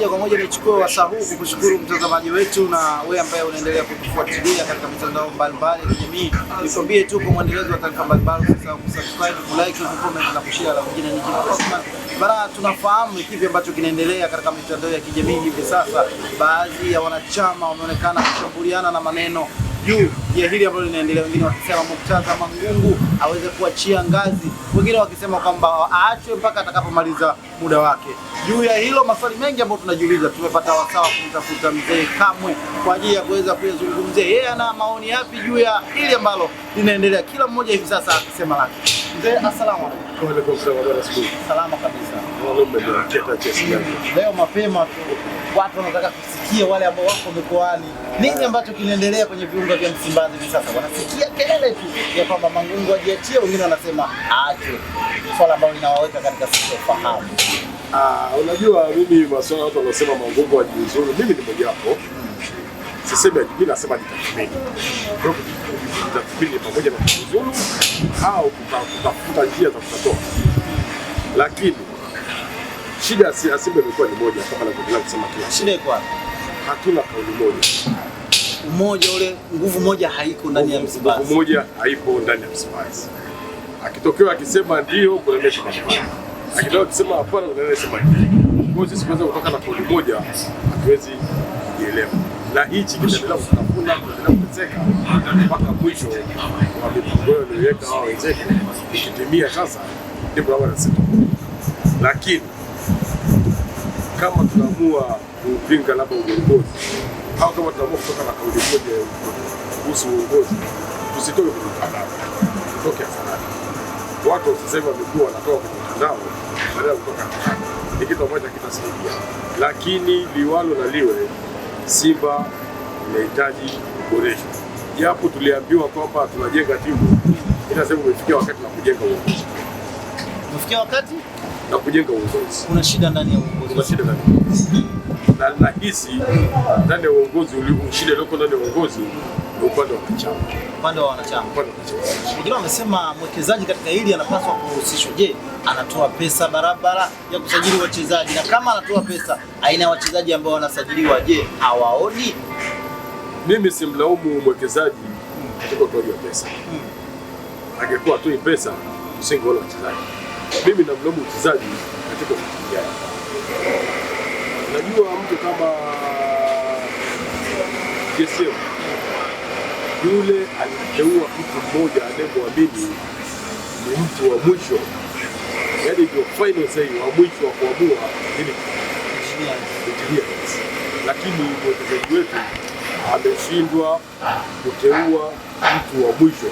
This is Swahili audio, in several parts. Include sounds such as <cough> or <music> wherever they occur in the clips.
moja kwa moja nichukue wasaa huu kukushukuru mtazamaji wetu na wewe ambaye unaendelea kutufuatilia katika mitandao mbalimbali ya kijamii. Nikwambie tu kwa mwendelezo wa taarifa mbalimbali, usisahau kusubscribe, kulike, kucomment na kushare. La mwingine ni bara, tunafahamu kipi ambacho kinaendelea katika mitandao ya kijamii hivi sasa. Baadhi ya wanachama wameonekana kushambuliana na maneno juu ya hili ambalo linaendelea, wengine wakisema Murtaza Mangungu aweze kuachia ngazi, wengine wakisema kwamba aachwe mpaka atakapomaliza muda wake. Juu ya hilo maswali mengi ambayo tunajiuliza, tumepata wasawa kumtafuta mzee Kamwe kwa ajili ya kuweza kuyazungumzia, yeye ana maoni yapi juu ya hili ambalo linaendelea, kila mmoja hivi sasa akisema lake. Mzee, asalamu alaykum. Salama kabisa. Leo mapema tu watu wanataka kusikia, wale ambao wako mikoani, nini ambacho kinaendelea kwenye viunga vya Msimbazi hivi sasa. Wanasikia kelele tu ya kwamba Mangungu ajiachie, wengine wanasema aachwe, swala ambalo linawaweka katika sintofahamu. Ah, unajua mimi maswala watu wanasema Mangungu ajiuzuru, mimi ni wapo Sisemi mimi nasema jitathmini. pamoja na kuzuru au kutafuta njia za kutatoa, lakini Shida ya Simba imekuwa ni moja, kama anavyoendelea kusema kila shida iko wapi? Hatuna kauli moja, umoja ule, nguvu moja haiko ndani ya Msimbazi, nguvu moja haipo ndani ya Msimbazi. Akitokea akisema ndio, kwa mashindano, akitokea akisema hapana, kuna mashindano. Kwa sisi kwanza kutoka na kauli moja hatuwezi kujielewa, na hichi kitaendelea kutafuna, kitaendelea kuteseka mpaka mwisho wa mipango yao iliyoweka wao wenzetu ikitimia. Sasa ndipo hapo nasema lakini kama tunaamua kupinga labda uongozi au kama tunaamua kutoka na kauli moja kuhusu uongozi, tusitoke kwenye mtandao, tutoke hadharani. Watu sasa hivi wamekuwa wanatoka kwenye mtandao badala ya kutoka hadharani, ni kitu ambacho kitasaidia, lakini liwalo na liwe, Simba inahitaji kuboreshwa, japo tuliambiwa kwamba tunajenga timu, ila sasa umefikia wakati na kujenga uongozi, umefikia wakati na kujenga uongozi. Kuna shida ndani ya uongozi kuna shida na nahisi ndani ya uongozi, shida iliyoko ndani ya uongozi ni upande wa wanachama, upande wa wanachama. Wengine wamesema mwekezaji katika hili anapaswa kuhusishwa. Je, anatoa pesa barabara ya kusajili wachezaji? Na kama anatoa pesa, aina ya wachezaji ambao wanasajiliwa, je, hawaoni? Mimi simlaumu mwekezaji katika utoaji wa pesa, hmm. angekuwa atoi pesa usingeona wachezaji. Mimi namlaumu mchezaji katika ufuatiliaji Unajua mtu kama Jeseo yule alimteua mtu mmoja anayemwamini ni mtu wa mwisho, yaani ndio final say wa mwisho wa kuamua ili kuingilia, lakini mwekezaji wetu ameshindwa kuteua mtu wa mwisho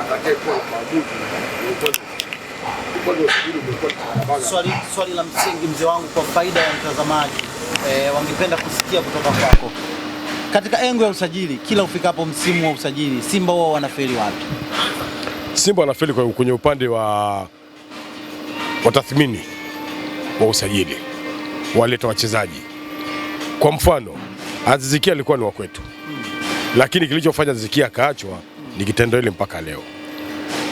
atakayekuwa na maamuzi Swali, swali la msingi mzee wangu, kwa faida ya mtazamaji e, wangependa kusikia kutoka kwako katika engo ya usajili. Kila ufikapo msimu wa usajili, Simba wao wanafeli wapi? Simba wanafeli kwenye upande wa watathmini wa usajili, waleta wachezaji. Kwa mfano Azizikia alikuwa ni wa kwetu hmm, lakini kilichofanya Azizikia akaachwa hmm, ni kitendo ile mpaka leo.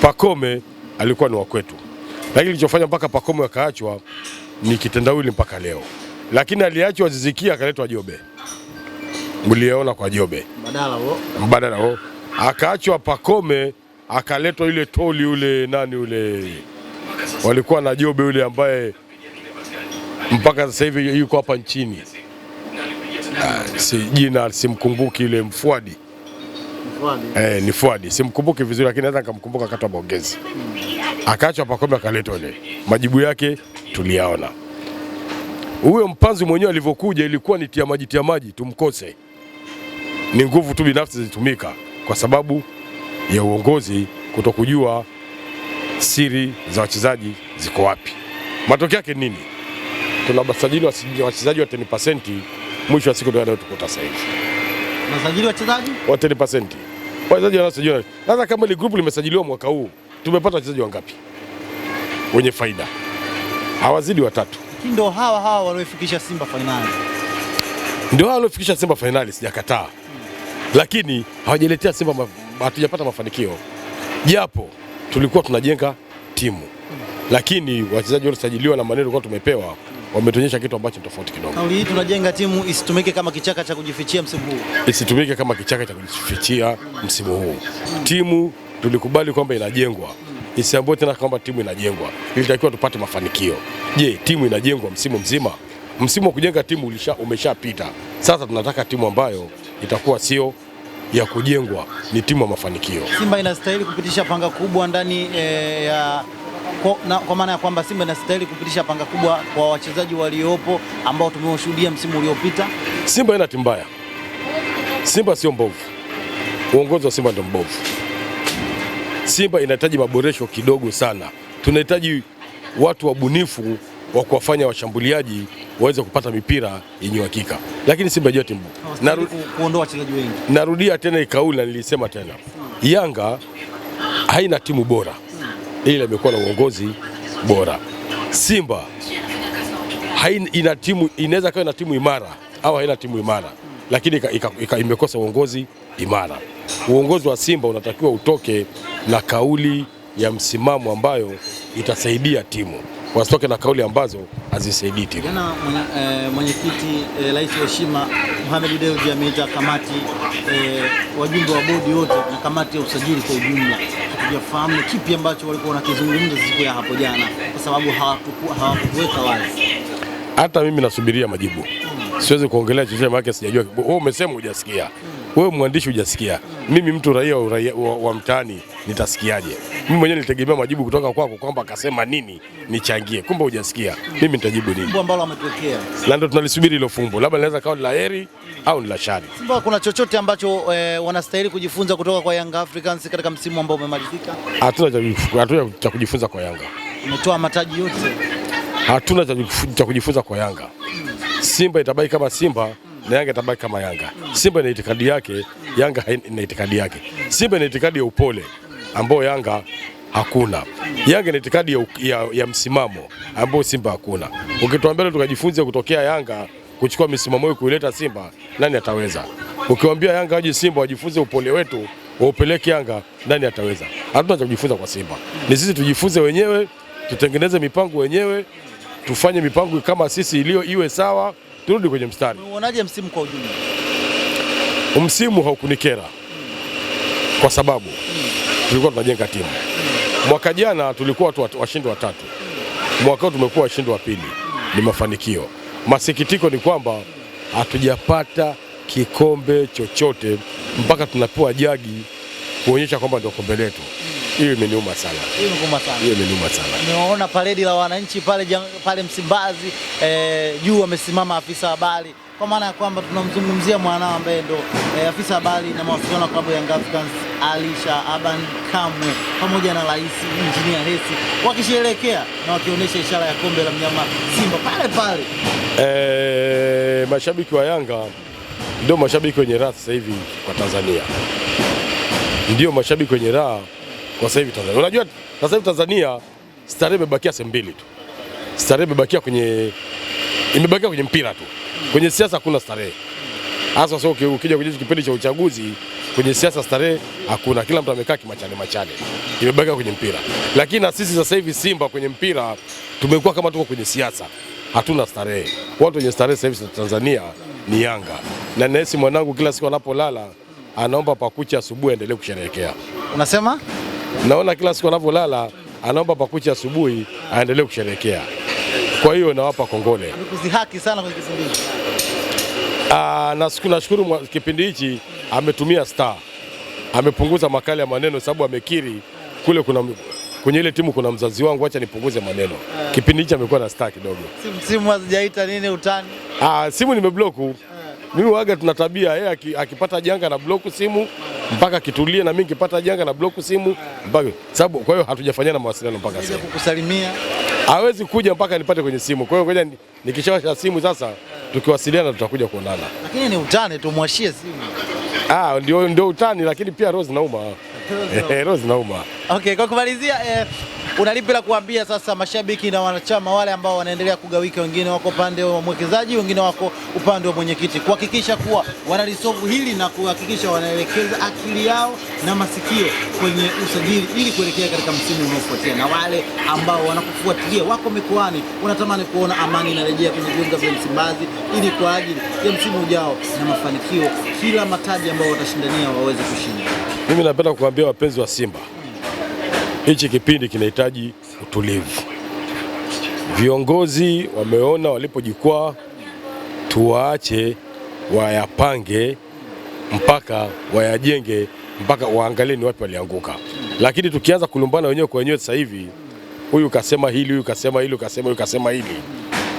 Pakome alikuwa ni wa kwetu lakini kilichofanya mpaka Pacome akaachwa ni kitendawili mpaka leo, lakini aliachwa Zizikia akaletwa Jobe, mliona kwa Jobe mbadala wao, mbadala wao akaachwa Pacome akaletwa yule toli yule nani yule, walikuwa na Jobe yule ambaye mpaka sasa hivi yuko hapa nchini ah, si jina simkumbuki, yule Mfuadi, Mfuadi. Eh, ni Fuadi simkumbuki vizuri, lakini naweza nikamkumbuka kata wa maongezi hmm akaachwa Pakome akaletwa Majibu yake tuliyaona. Huyo mpanzi mwenyewe alivyokuja ilikuwa ni tia maji, tia maji tumkose, ni nguvu tu binafsi zilitumika kwa sababu ya uongozi kuto kujua siri za wachezaji ziko wapi. Matokeo yake nini? Tuna wa wachezaji wa 10% mwisho wa siku ndio tunayotukuta sasa hivi. wa wachezaji wa 10%. Wachezaji wanasajiliwa. Sasa kama ile group limesajiliwa mwaka huu tumepata wachezaji wangapi wenye faida? Hawazidi watatu. Ndio hawa hawa waliofikisha Simba fainali, ndio hawa waliofikisha Simba fainali, sijakataa hmm. Lakini hawajaletea Simba ma, hatujapata mafanikio, japo tulikuwa tunajenga timu hmm. Lakini wachezaji waliosajiliwa na maneno kwa tumepewa hmm. Wametuonyesha kitu ambacho ni tofauti kidogo. Kauli hii tunajenga timu isitumike kama kichaka cha kujifichia msimu huu, isitumike kama kichaka cha kujifichia msimu huu. Hmm. Timu tulikubali kwamba inajengwa isiambue tena kwamba timu inajengwa, ilitakiwa tupate mafanikio. Je, timu inajengwa msimu mzima? Msimu wa kujenga timu ulisha, umeshapita. Sasa tunataka timu ambayo itakuwa sio ya kujengwa, ni timu ya mafanikio. Simba inastahili kupitisha panga kubwa ndani e, ya kwa, kwa maana ya kwamba Simba inastahili kupitisha panga kubwa kwa wachezaji waliopo ambao tumewashuhudia msimu uliopita. Simba ina timu mbaya, Simba sio mbovu, uongozi wa Simba ndio mbovu. Simba inahitaji maboresho kidogo sana. Tunahitaji watu wabunifu wa kuwafanya washambuliaji waweze kupata mipira yenye uhakika, lakini Simba yote mbu Naru... kuondoa wachezaji wengi. Narudia tena ikauli na nilisema tena, Yanga haina timu bora, ila imekuwa na uongozi bora. Simba haina ina timu, inaweza kawa na timu imara au haina timu imara, lakini imekosa uongozi imara. Uongozi wa Simba unatakiwa utoke na kauli ya msimamo ambayo itasaidia timu, wasitoke na kauli ambazo hazisaidii timu. Jana eh, mwenyekiti e, rais wa heshima Mohamed Dewji ameita kamati e, wajumbe wa bodi wote na kamati ya usajili kwa ujumla. Hatujafahamu kipi ambacho walikuwa wanakizungumza siku ya hapo jana, kwa sababu hawakuweka wazi. Hata mimi nasubiria majibu, siwezi kuongelea chochote, maana sijajua. Wewe umesema hujasikia. Hmm wewe mwandishi hujasikia, mimi mtu raia wa, wa, wa mtaani nitasikiaje? Mimi mwenyewe nilitegemea majibu kutoka kwako kwamba akasema nini nichangie, kumbe hujasikia. Mimi nitajibu nini? Fumbo ambalo ametokea na ndio tunalisubiri hilo fumbo, labda linaweza kawa la heri au ni la shari. Simba kuna chochote ambacho e, wanastahili kujifunza kutoka kwa Young Africans katika msimu ambao umemalizika? Hatuna cha kujifunza kwa Yanga, umetoa mataji yote. Hatuna cha kujifunza kwa Yanga. Hmm. Simba itabaki kama Simba na Yanga itabaki kama Yanga. Simba ina itikadi yake, Yanga ina itikadi yake. Simba ina itikadi ya upole ambao Yanga hakuna. Yanga ina itikadi ya, ya, ya msimamo ambao Simba hakuna. Ukituambia tukajifunze kutokea Yanga kuchukua misimamo hiyo kuileta Simba, nani ataweza? Ukiwaambia Yanga waje Simba wajifunze upole wetu waupeleke Yanga, nani ataweza? Hatuna cha kujifunza kwa Simba, ni sisi tujifunze wenyewe, tutengeneze mipango wenyewe, tufanye mipango kama sisi iliyo iwe sawa turudi kwenye mstari. Unaonaje msimu kwa ujumla? Msimu haukunikera kwa sababu tulikuwa tunajenga timu mwaka jana tulikuwa tu washindi watatu mwaka huu tumekuwa washindi wa pili ni mafanikio. Masikitiko ni kwamba hatujapata kikombe chochote mpaka tunapewa jagi kuonyesha kwamba ndio kombe letu. Hiyo imeniuma sana. Hiyo imeniuma sana. Hiyo imeniuma sana. Nimeona paredi la wananchi pale pale Msimbazi eh, juu wamesimama afisa habari kwa maana ya kwamba tunamzungumzia mwanao ambaye ndo eh, afisa habari na mawasiliano klabu ya Young Africans Alisha Aban Kamwe pamoja na Rais Injinia Hersi wakisherehekea na wakionyesha ishara ya kombe la mnyama Simba pale pale. Eh, mashabiki wa Yanga ndio mashabiki wenye raha sasa hivi kwa Tanzania, ndio mashabiki wenye raha kwa sasa hivi Tanzania. Unajua sasa hivi Tanzania starehe imebakia sehemu mbili tu, starehe imebakia kwenye imebakia kwenye mpira tu, kwenye siasa hakuna starehe hasa sasa. Ukija kwenye kipindi cha uchaguzi, kwenye siasa starehe hakuna, kila mtu amekaa kimachane machane, imebakia kwenye mpira. Lakini na sisi sasa hivi Simba kwenye mpira tumekuwa kama tuko kwenye siasa, hatuna starehe. Watu wenye starehe sasa hivi Tanzania ni Yanga, na nahisi mwanangu kila siku anapolala anaomba pakucha asubuhi aendelee kusherehekea. Unasema? naona kila siku anavyolala anaomba pakucha asubuhi aendelee kusherekea. Kwa hiyo nawapa kongole sana kwenye kipindi hichi. Ah, nashukuru kipindi hichi ametumia star, amepunguza makali ya maneno sababu amekiri kule kuna kwenye ile timu kuna mzazi wangu, acha nipunguze maneno. Kipindi hichi amekuwa na star kidogo. Simu, simu hazijaita nini utani? Ah, simu nimebloku eh. mimi waga, tuna tabia yeye akipata janga na bloku simu mpaka kitulie na mimi nikipata janga na bloku simu mpaka sababu. Kwa hiyo hatujafanyana mawasiliano mpaka sasa. Kukusalimia hawezi kuja mpaka nipate kwenye simu. Kwa hiyo ngoja nikishawasha simu sasa, tukiwasiliana tutakuja kuonana, lakini ni utani tumwashie simu. Ah, ndio ndio utani, lakini pia roho zinauma. Roho zinauma. <laughs> Okay, kwa kumalizia eh unalipi la kuambia sasa mashabiki na wanachama wale ambao wanaendelea kugawika, wengine wako upande wa mwekezaji, wengine wako upande wa mwenyekiti, kuhakikisha kuwa wanalisovu hili na kuhakikisha wanaelekeza akili yao na masikio kwenye usajili ili kuelekea katika msimu unaofuatia, na wale ambao wanakufuatilia wako mikoani, wanatamani kuona amani inarejea kwenye viunga vya Msimbazi ili kwa ajili ya msimu ujao na mafanikio, kila mataji ambao watashindania waweze kushinda. Mimi napenda kuambia wapenzi wa Simba hichi kipindi kinahitaji utulivu. Viongozi wameona walipojikwaa, tuwaache wayapange mpaka wayajenge mpaka waangalie ni wapi walianguka, lakini tukianza kulumbana wenyewe kwa wenyewe sasa hivi, huyu kasema hili, huyu kasema hili, kasema huyu kasema hili,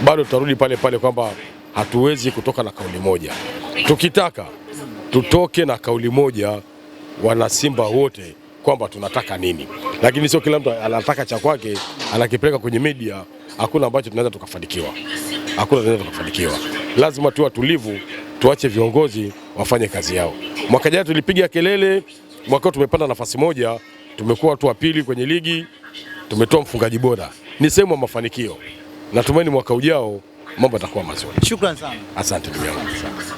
bado tutarudi pale pale kwamba hatuwezi kutoka na kauli moja. Tukitaka tutoke na kauli moja, wanasimba wote kwamba tunataka nini, lakini sio kila mtu anataka cha kwake anakipeleka kwenye media. Hakuna ambacho tunaweza tukafanikiwa, hakuna tunaweza tukafanikiwa. Lazima tuwe watulivu, tuache viongozi wafanye kazi yao. Mwaka jana tulipiga kelele, mwaka huu tumepanda nafasi moja, tumekuwa watu wa pili kwenye ligi, tumetoa mfungaji bora, ni sehemu ya mafanikio. Natumaini mwaka ujao mambo yatakuwa mazuri. Shukrani sana, asante ndugu yangu.